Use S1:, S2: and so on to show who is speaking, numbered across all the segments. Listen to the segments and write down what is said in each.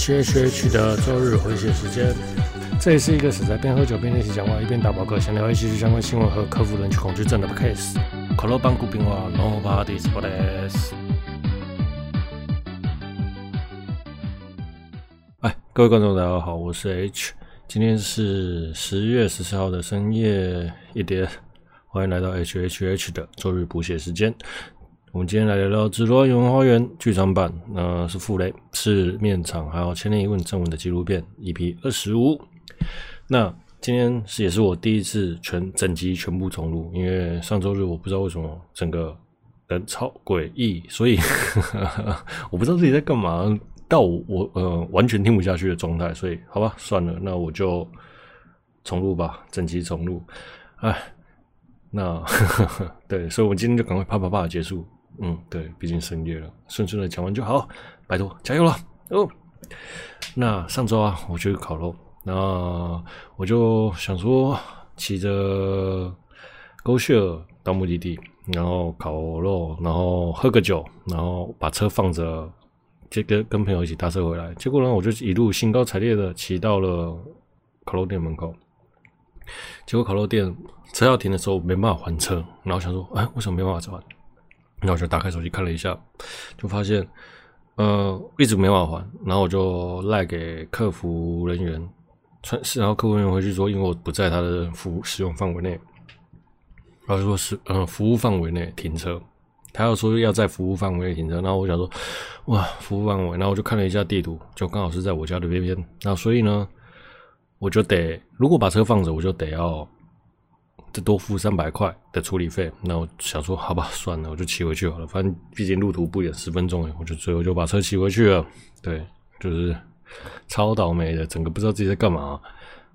S1: H H H 的週日回血時間，這是一個死宅邊喝酒邊練習講話，一邊打飽嗝，想聊一些相關新聞和克服人群恐懼症的 case。Nobody's business. 嗨，各位觀眾大家好，我是 H，今天是十月十四號的深夜一點，歡迎來到 H H H 的週日補血時間。我們今天來聊聊《紫羅蘭永恆花園》劇場版，那、呃、是負雷，是赤麵廠，還有《千年一問》鄭問的紀錄片，HP 二十五。那今天是也是我第一次全整集全部重錄，因為上周日我不知道為什麼整個人超詭異，所以哈哈哈， 我不知道自己在幹嘛，到我,我呃完全聽不下去的狀態，所以好吧，算了，那我就重錄吧，整集重錄。哎，那 對，所以我們今天就趕快啪啪啪結束。嗯，對，畢竟深夜了，順順的講完就好，拜託，加油了哦。那上周啊，我去烤肉，那我就想說騎着 GoShare 到目的地，然後烤肉，然後喝個酒，然後把車放着，就跟跟朋友一起搭車回來。結果呢，我就一路興高采烈的騎到了烤肉店門口，結果烤肉店車要停的時候沒辦法還車，然後想說，哎、欸，為什麼沒辦法還？然後我就打開手機看了一下，就發現，呃，一直沒法還。然後我就賴、like、給客服人員，穿然後客服人員回去說，因為我不在他的服務使用範圍內，他說是嗯、呃、服務範圍內停車，他又說要在服務範圍內停車。然後我想說，哇，服務範圍。然後我就看了一下地圖，就剛好是在我家的邊邊。那所以呢，我就得如果把車放着，我就得要。這多付三百塊的處理費，那我想說，好吧，算了，我就騎回去好了。反正畢竟路途不遠，十分鐘哎，我就最後就把車騎回去了。對，就是超倒霉的，整個不知道自己在幹嘛。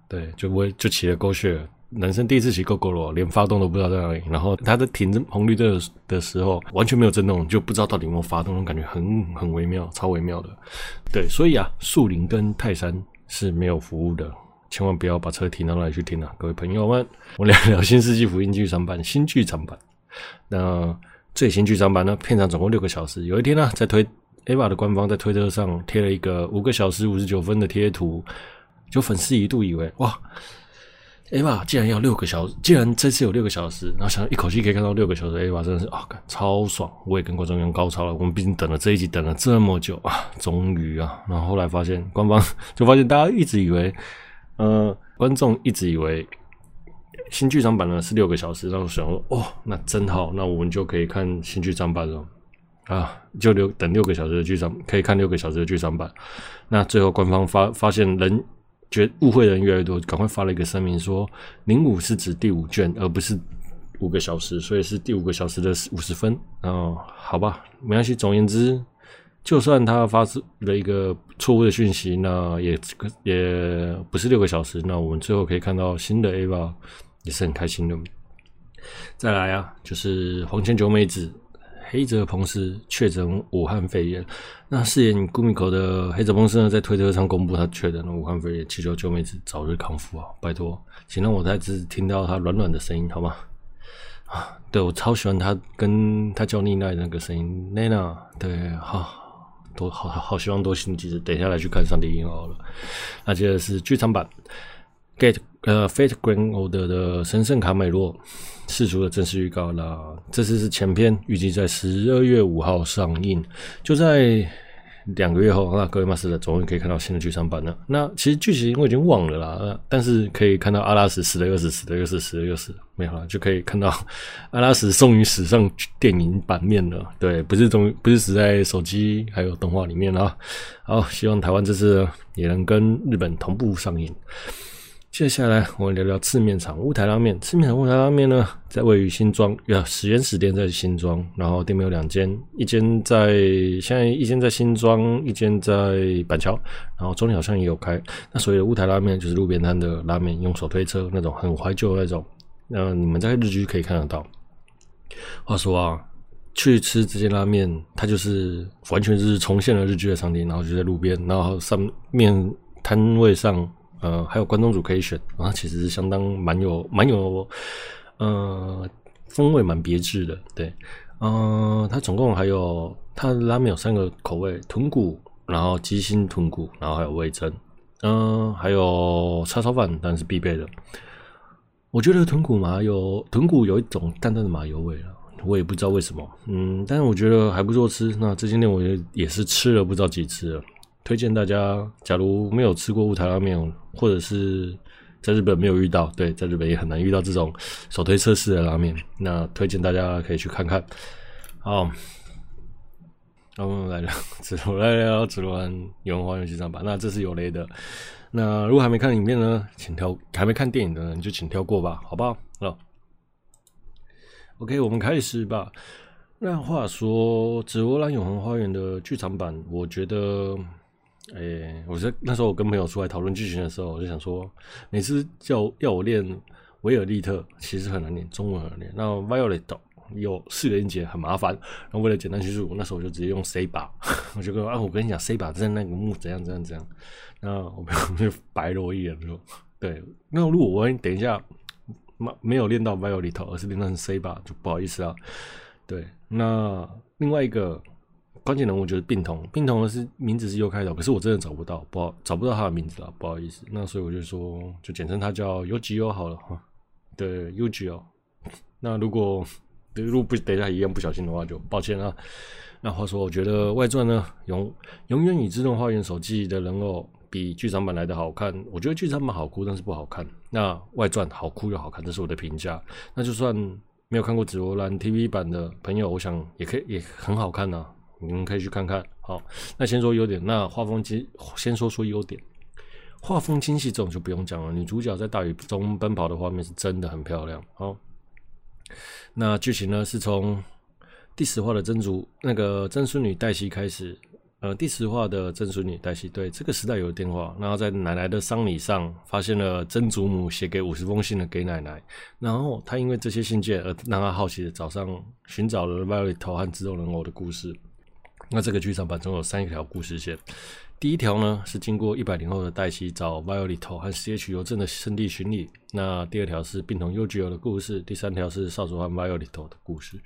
S1: 對，就我就騎了 GoShare 了，人生第一次騎 GoGoro 了，連發動都不知道在哪裡，然後他在停着紅綠燈的時候完全沒有震動，就不知道到底有沒有發動，感覺很很微妙，超微妙的。對，所以啊，樹林跟泰山是沒有服務的。千萬不要把車停到那裡去停了、啊，各位朋友們，我們聊聊《新世紀福音劇場版》新劇場版。那最新劇場版呢？片長總共六個小時。有一天呢、啊，在推 Eva 的官方在推特上貼了一個五個小時五十九分的貼圖，就粉絲一度以為哇，Eva 竟然要六個小時，竟然這次有六個小時，然後想一口氣可以看到六個小時，Eva 真的是啊，超爽！我也跟觀眾用高超了，我們畢竟等了這一集等了這麼久啊，終於啊，然後後來發現官方就發現大家一直以為。呃，觀眾一直以為新劇場版呢是六個小時，然後想說，哦，那真好，那我們就可以看新劇場版了啊，就留，等六個小時的劇場，可以看六個小時的劇場版。那最後官方发發現人覺得誤會人越來越多，趕快發了一個聲明說，零五是指第五卷，而不是五個小時，所以是第五個小時的五十分。哦、嗯，好吧，沒關係。總而言之。就算他發出了一個錯誤的訊息，那也也不是六個小時。那我們最後可以看到新的 Ava 也是很開心的。再來啊，就是黃前九美子、黑澤朋士確診武漢肺炎。那飾演 Gumiko 的黑澤朋士呢，在推特上公布他確診了武漢肺炎，祈求九美子早日康復啊！拜托，請讓我再次聽到他軟軟的聲音，好嗎？啊，對我超喜歡他跟他叫妮娜的那個聲音，Nana，對，好、啊。都好好希望多新幾集，等一下來去看《上帝音號》了。那接着是劇場版《Get》呃，《Fate Grand Order》的《神聖卡美洛》釋出了正式預告啦。這次是前篇，預計在十二月五號上映，就在。兩個月後，那各位馬斯的終於可以看到新的劇場版了。那其實劇情我已經忘了啦，但是可以看到阿拉斯死了又死，死了又死，死了又死。死了又死沒好，就可以看到阿拉斯送於史上電影版面了。對，不是終於，不是死在手機還有動畫裡面了。好，希望台灣這次也能跟日本同步上映。接下來我們聊聊赤麵廠屋台拉麵。赤麵廠屋台拉麵呢，在位於新莊，要十元始店在新莊，然後店面有兩間，一間在現在一間在新莊，一間在板橋，然後中壢好像也有開。那所謂的屋台拉麵就是路邊攤的拉麵，用手推車那種，很懷舊那種。那你們在日劇可以看得到。話說啊，去吃這些拉麵，它就是完全是重現了日劇的場景，然後就在路邊，然後上面攤位上。呃，還有關東煮可以選，啊，其實相當蠻有蠻有，呃，風味蠻別緻的。對，嗯、呃，它總共還有它拉麵有三個口味：豚骨，然後雞心豚骨，然後還有味噌。嗯、呃，還有叉燒飯當然是必備的。我覺得豚骨麻有豚骨有一種淡淡的麻油味啊，我也不知道為什麼。嗯，但是我覺得還不錯吃。那這間店我也也是吃了不知道幾次了，推薦大家。假如沒有吃過屋台拉麵，或者是在日本沒有遇到，對，在日本也很難遇到這種手推車式的拉麵，那推薦大家可以去看看。哦，我們來聊紫羅蘭永恆花園劇場版，那這是有雷的。那如果還沒看影片呢，請跳；還沒看電影的呢，你就請跳過吧，好不好？好。OK，我們開始吧。那話說，《紫羅蘭永恆花園》的劇場版，我覺得。哎、欸，我是那時候我跟朋友出來討論劇情的時候，我就想說，每次叫要我練維爾利特，其實很難練，中文很難練。那 Violet 有四個音節，很麻煩。那為了簡單敘述，那時候我就直接用 Saber，我就跟啊，我跟你講 Saber 之前那個幕怎樣怎樣怎樣，怎樣。那我朋友就白了我一眼說對。那如果我等一下沒沒有練到 Violet，而是練到 Saber，就不好意思啊。對，那另外一個。關鍵人物就是病童，病童的是名字是 U 開頭，可是我真的找不到，不好找不到他的名字了，不好意思。那所以我就說，就簡稱他叫 Ugio 好了哈。對，Ugio。那如果如果不等一下一樣不小心的話，就抱歉啊。那話說，我覺得外傳呢，永永遠與自動手記人偶比劇場版來的好看。我覺得劇場版好哭，但是不好看。那外傳好哭又好看，這是我的評價。那就算沒有看過紫羅蘭 TV 版的朋友，我想也可以也很好看吶、啊。你們可以去看看。好，那先說優點。那畫風精，先說說優點。畫風精細這種就不用講了。女主角在大雨中奔跑的畫面是真的很漂亮。好，那劇情呢？是從第十話的曾祖那個曾孫女黛西開始。呃，第十話的曾孫女黛西對這個時代有電話。然後在奶奶的喪禮上，發現了曾祖母寫給五十封信的給奶奶。然後她因為這些信件而讓她好奇的早上尋找了 Violet 和自動人偶的故事。那這個劇場版中有三條故事線，第一條呢是經過一百年後的黛西找 Violet 和 C.H. 郵政的聖地巡禮，那第二條是病童優吉歐的故事，第三條是少佐和 Violet 的故事。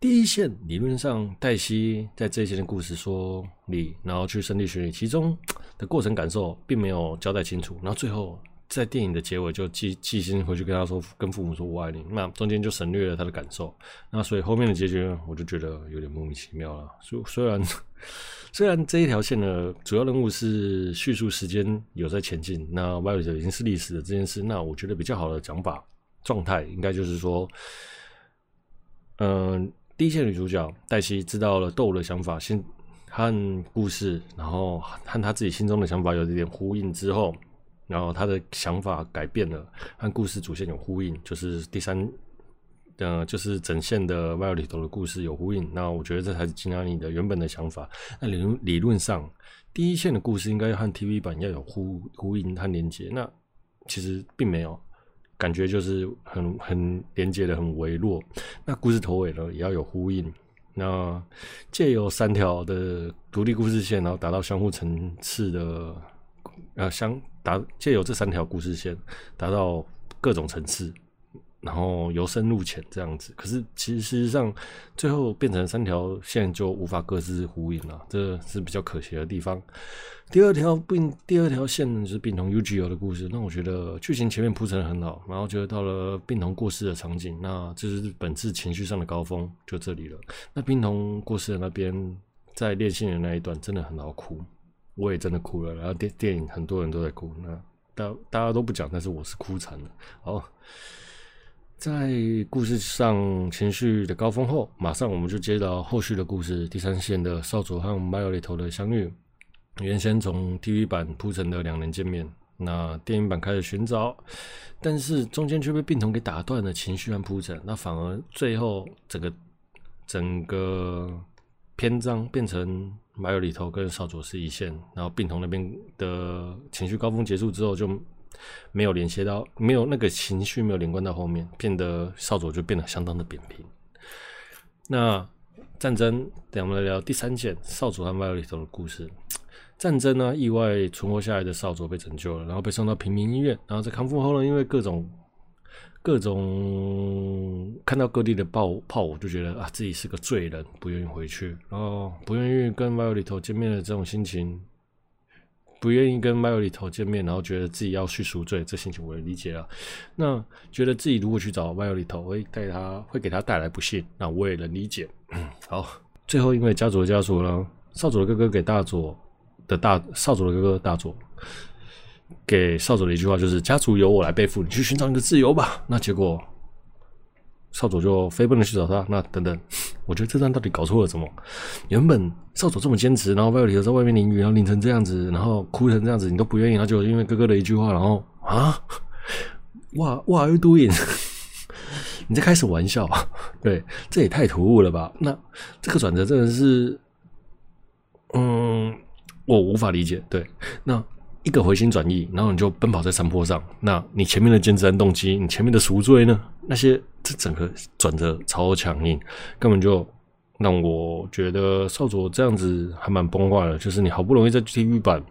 S1: 第一線理論上，黛西在這一線的故事說你，然後去聖地巡禮，其中的過程感受並沒有交代清楚，然後最後。在電影的結尾，就寄寄信回去跟他說，跟父母說“我愛你”。那中間就省略了他的感受。那所以後面的結局，我就覺得有點莫名其妙了。雖雖然雖然這一條線的主要任務是敘述時間有在前進，那外頭已經是歷史的這件事，那我覺得比較好的講法狀態，應該就是說，嗯、呃，第一線女主角黛西知道了豆的想法、心和故事，然後和她自己心中的想法有一點呼應之後。然後他的想法改變了，和故事主線有呼應，就是第三，呃，就是整線的《Violet 裡頭》的故事有呼應。那我覺得這才是京阿尼的原本的想法。那理理論上，第一線的故事應該要和 TV 版要有呼呼應和連接，那其實並沒有，感覺就是很很連接的很微弱。那故事頭尾呢也要有呼應，那借由三條的獨立故事線，然後達到相互層次的。呃、啊，相達借由這三條故事線達到各種層次，然後由深入淺這樣子。可是，其實事實上，最後變成三條線就無法各自呼應了，這是比較可惜的地方。第二條並第二條線就是病童 U G O 的故事。那我覺得劇情前面鋪陳的很好，然後覺得到了病童過世的場景，那這是本次情緒上的高峰，就這裡了。那病童過世的那邊，在戀心人那一段真的很好哭。我也真的哭了，然後電電影很多人都在哭，那大大家都不講，但是我是哭慘了。哦，在故事上情緒的高峰後，馬上我們就接到後續的故事，第三線的少佐和 m i l o l 的相遇。原先從 TV 版鋪陳的兩人見面，那電影版開始尋找，但是中間卻被病痛給打斷了情緒和鋪陳，那反而最後整個整個篇章變成。薇爾莉特跟少佐是一線，然後病童那邊的情緒高峰結束之後就沒有連接到，沒有那個情緒沒有連貫到後面，變得少佐就變得相當的扁平。那戰爭，等一下我們來聊第三件少佐和薇爾莉特的故事。戰爭呢，意外存活下來的少佐被拯救了，然後被送到平民醫院，然後在康復後呢，因為各種。各種看到各地的爆炮、炮，我就覺得啊，自己是個罪人，不願意回去，然後不願意跟薇爾莉特見面的這種心情，不願意跟薇爾莉特見面，然後覺得自己要去贖罪，這心情我也理解了。那覺得自己如果去找薇爾莉特，會帶他，會給他帶來不幸，那我也能理解、嗯。好，最後因為家族的家族呢，少佐的哥哥給大佐的大，少佐的哥哥大佐。給少佐的一句話就是：“家族由我來背負，你去尋找你的自由吧。”那結果，少佐就飛奔的去找他。那等等，我覺得這段到底搞錯了什麼？原本少佐這麼堅持，然後薇爾莉特在外面淋雨，然後淋成這樣子，然後哭成這樣子，你都不願意，然後就因為哥哥的一句話，然後啊，哇哇，what are you doing？ 你在開什麼玩笑？ 對，這也太突兀了吧？那這個轉折真的是，嗯，我無法理解。對，那。一個回心轉意，然後你就奔跑在山坡上。那你前面的堅持、動機，你前面的贖罪呢？那些這整個轉折超強硬，根本就讓我覺得少佐這樣子還蠻崩壞的。就是你好不容易在 TV 版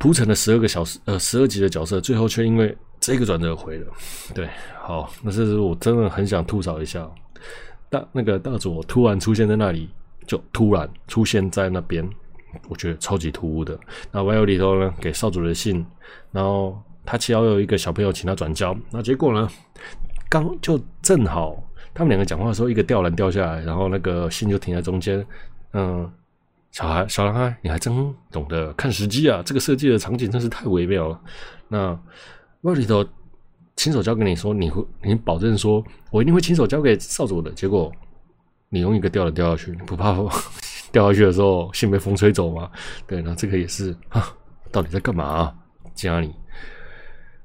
S1: 鋪陳了十二個小時呃十二集的角色，最後卻因為這個轉折回了。對，好，那這是我真的很想吐槽一下，大那個大佐突然出現在那裡，就突然出現在那邊。我覺得超級突兀的。那薇爾莉特呢，給少主的信，然後他其實還有一個小朋友請他轉交。那結果呢，剛就正好他們兩個講話的時候，一個吊籃掉下來，然後那個信就停在中間。嗯，小孩小男孩，你還真懂得看時機啊！這個設計的場景真是太微妙了。那薇爾莉特親手交給你說你，你會你保證說，我一定會親手交給少主的。結果你用一個吊籃掉下去，你不怕掉下去的時候，信被風吹走嘛？對，那這個也是啊，到底在幹嘛啊？家裡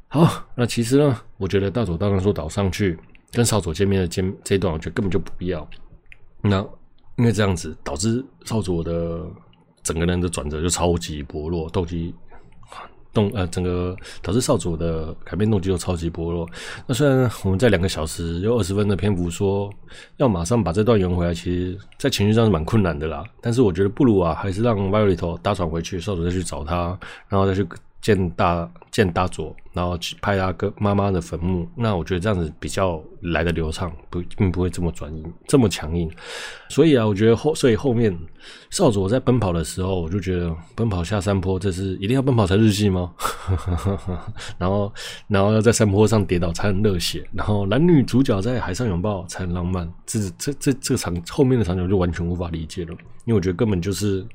S1: 好，那其實呢，我覺得大佐當然說倒上去跟少佐見面的見這一段，我覺得根本就不必要。那因為這樣子，導致少佐的整個人的轉折就超級薄弱，動機。動呃，整個導致少主的改變動機又超級薄弱。那雖然我們在兩個小時又二十分的篇幅說要馬上把這段圓回來，其實，在情緒上是蠻困難的啦。但是我覺得不如啊，還是讓 Valley 頭搭船回去，少主再去找他，然後再去。見大見大佐，然後去拍他跟媽媽的墳墓。那我覺得這樣子比較來得流暢，不並不會這麼轉硬，這麼強硬。所以啊，我覺得後所以後面少佐在奔跑的時候，我就覺得奔跑下山坡，這是一定要奔跑才日系嗎？ 然，然後然後要在山坡上跌倒才很熱血，然後男女主角在海上擁抱才很浪漫。這這這這場後面的場景我就完全無法理解了，因為我覺得根本就是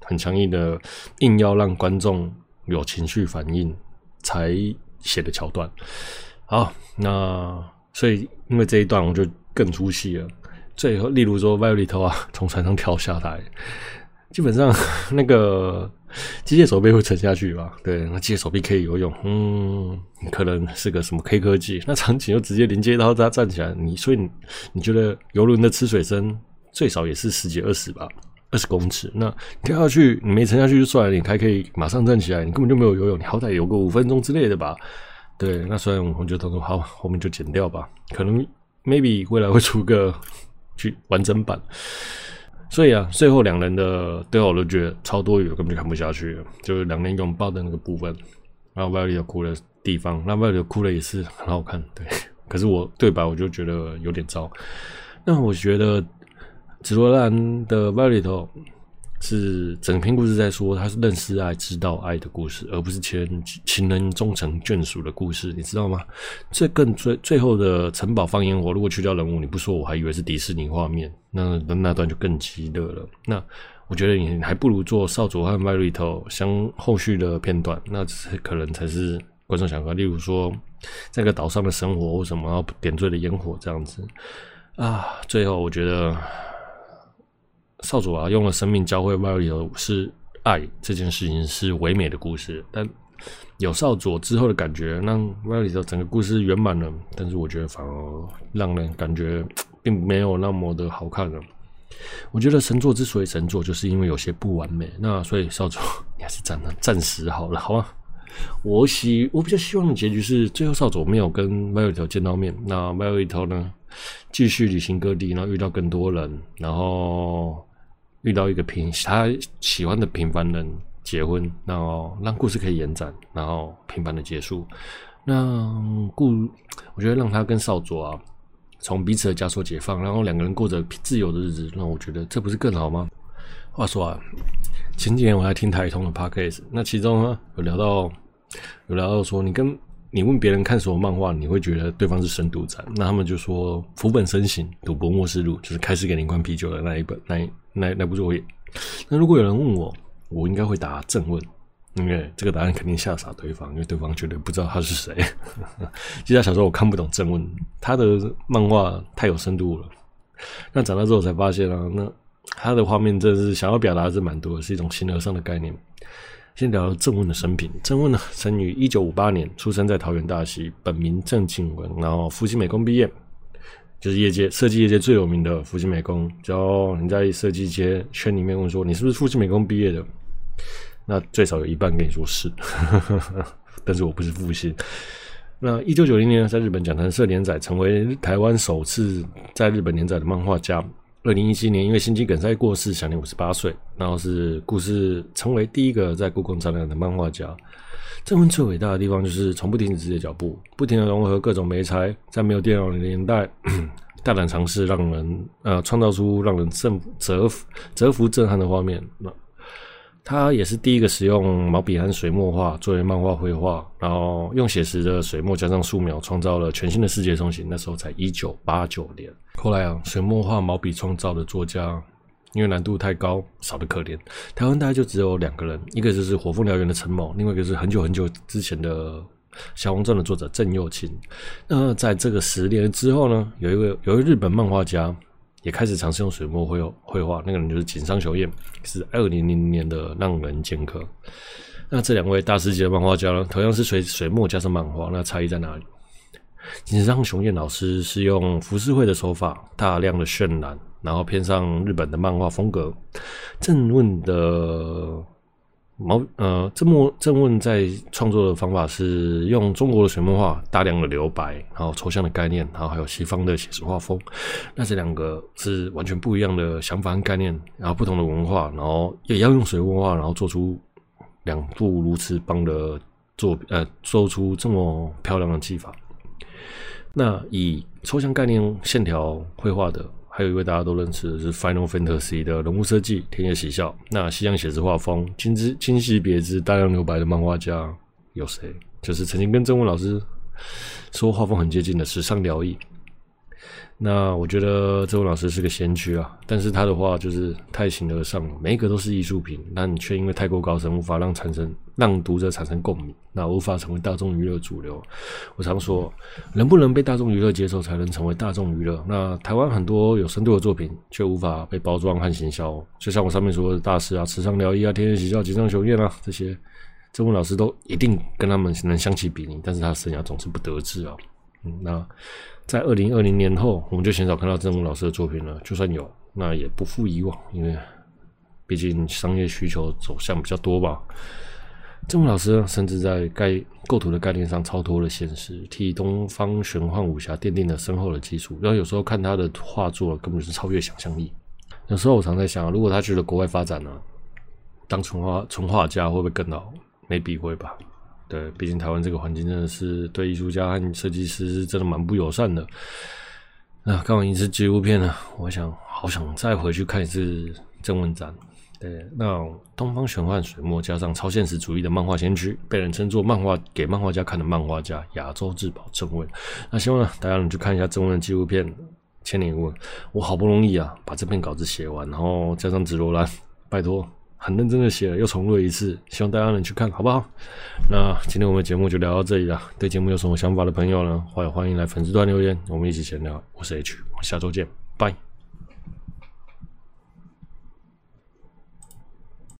S1: 很強硬的硬要讓觀眾。有情緒反應才寫的橋段，好，那所以因為這一段我就更出戲了。最後，例如說薇爾莉特啊，從船上跳下來，基本上那個機械手臂會沉下去吧？對，那機械手臂可以游泳，嗯，可能是個什麼黑科技？那場景又直接連接，然後大家站起來，你所以你，你覺得遊輪的吃水深最少也是十幾二十吧？二十公尺，那跳下去你沒沉下去就算了，你還可以馬上站起來，你根本就沒有游泳，你好歹游個五分鐘之類的吧？對，那所以我們就都說好，我們就剪掉吧。可能 maybe 未來會出個去完整版。所以啊，最後兩人的對話，我都覺得超多餘，根本就看不下去。就是兩人擁抱的那個部分，然後 Violet 哭的地方，那 Violet 哭的也是很好看，對。可是我對白我就覺得有點糟。那我覺得。紫羅蘭的 Violet 是整篇故事在說他是認識愛、知道愛的故事，而不是情人情人終成眷屬的故事，你知道嗎？這更最最後的城堡放煙火，如果去掉人物，你不說，我還以為是迪士尼畫面。那那那段就更激烈了。那我覺得你還不如做少佐和 Violet 相後續的片段，那可能才是觀眾想法，例如說，在個島上的生活，或什麼點綴的煙火這樣子啊？最後，我覺得。少佐啊，用了生命教會 m a l l e 是愛這件事情是唯美的故事，但有少佐之後的感覺，讓 m a r i o 整個故事圓滿了。但是我覺得反而讓人感覺並沒有那麼的好看了。我覺得神作之所以神作，就是因為有些不完美。那所以少佐，你還是暫時好了，好嗎？我希我比較希望的結局是，最後少佐沒有跟 m a r i o 裡頭見到面，那 m a r i o 裡頭呢，繼續旅行各地，然後遇到更多人，然後。遇到一個平他喜歡的平凡人結婚，然後讓故事可以延展，然後平凡的結束。那故我覺得讓他跟少佐啊，從彼此的枷鎖解放，然後兩個人過着自由的日子，那我覺得這不是更好嗎？話說啊，前幾天我還聽台通的 podcast，那其中呢，有聊到有聊到說你跟。你問別人看什麼漫畫，你會覺得對方是深度宅，那他們就說福本伸行賭博默示錄，就是開始給你灌啤酒的那一本，那那那部作品。那如果有人問我，我應該會答鄭問，因、okay, 為這個答案肯定嚇傻對方，因為對方絕對不知道他是誰。 其他小時候我看不懂鄭問，他的漫畫太有深度了。但長大之後才發現啊，那他的畫面真的是想要表達是蠻多的，是一種形而上的概念。先聊聊鄭問的生平。鄭問呢，生於一九五八年，出生在桃園大溪，本名鄭靜文。然後復興美工畢業，就是業界設計業界最有名的復興美工。只要你在設計界圈裡面問說，你是不是復興美工畢業的，那最少有一半跟你說是。 但是我不是復興。那一九九零年在日本講談社連載，成為台灣首次在日本連載的漫畫家。二零一七年，因為心肌梗塞過世，享年五十八歲。然後是故事，成為第一個在故宮展覽的漫畫家。這份最偉大的地方就是從不停止自己的腳步，不停的融合各種媒材，在沒有電腦的年代， 大膽嘗試，讓人呃創造出讓人震、折服、折服震撼的畫面。那、嗯、他也是第一個使用毛筆和水墨畫作為漫畫繪畫，然後用寫實的水墨加上素描，創造了全新的世界中心，那時候才一九八九年。後來啊，水墨畫毛筆創造的作家，因為難度太高，少得可憐。台灣大概就只有兩個人，一個就是《火鳳燎原》的陳某，另外一個是很久很久之前的《小紅鎮》的作者鄭又青。那在這個十年之後呢，有一位，有一位日本漫畫家也開始嘗試用水墨繪繪畫，那個人就是井上雄彥，是二零零零年的《浪人劍客》。那這兩位大師級的漫畫家呢，同樣是水水墨加上漫畫，那差異在哪裡？其實井上雄彥老師是用浮世繪的手法，大量的渲染，然後偏上日本的漫畫風格。鄭問的毛呃，鄭墨鄭問在創作的方法是用中國的水墨畫，大量的留白，然後抽象的概念，然後還有西方的寫實畫風。那這兩個是完全不一樣的想法和概念，然後不同的文化，然後也要用水墨畫，然後做出兩部如此棒的作呃，做出這麼漂亮的技法。那以抽象概念線條繪畫的，還有一位大家都認識的是《Final Fantasy》的人物設計天野喜孝。那西洋寫實畫風、精緻精細、清晰別致大量留白的漫畫家有誰？就是曾經跟鄭問老師說畫風很接近的池上遼一。那我覺得鄭問老師是個先驅啊，但是他的畫就是太形而上，每一個都是藝術品，但卻因為太過高深，無法讓產生讓讀者產生共鳴，那無法成為大眾娛樂主流。我常說，能不能被大眾娛樂接受，才能成為大眾娛樂。那台灣很多有深度的作品，卻無法被包裝和行銷。就像我上面說的大師啊，慈桑療醫啊，天天喜笑，吉昌學院啊，這些鄭問老師都一定跟他們能相提並論，但是他生涯總是不得志啊。嗯，那在二零二零年後，我們就很少看到鄭問老師的作品了。就算有，那也不復以往，因為畢竟商業需求走向比較多吧。鄭問老師甚至在概構圖的概念上超脫了現實，替東方玄幻武俠奠定了深厚的基礎。然後有時候看他的畫作，根本就是超越想象力。有時候我常在想、啊，如果他去了國外發展呢、啊，當純畫純畫家會不會更好？Maybe 會吧。對，畢竟台灣這個環境真的是對藝術家和設計師是真的蠻不友善的。那看完一次紀錄片呢，我想好想再回去看一次鄭問展。對，那東方玄幻水墨加上超現實主義的漫畫先驅，被人稱作漫畫“漫畫給漫畫家看的漫畫家”亞洲至寶鄭問。那希望大家能去看一下鄭問的紀錄片《千年一問》。我好不容易啊把這篇稿子寫完，然後加上紫羅蘭，拜托。很認真的寫了，又重錄了一次，希望大家能去看，好不好？那今天我們節目就聊到這裡了。對節目有什麼想法的朋友呢，懷歡迎來粉絲團留言，我們一起閒聊。我是 H，我們下周見，拜。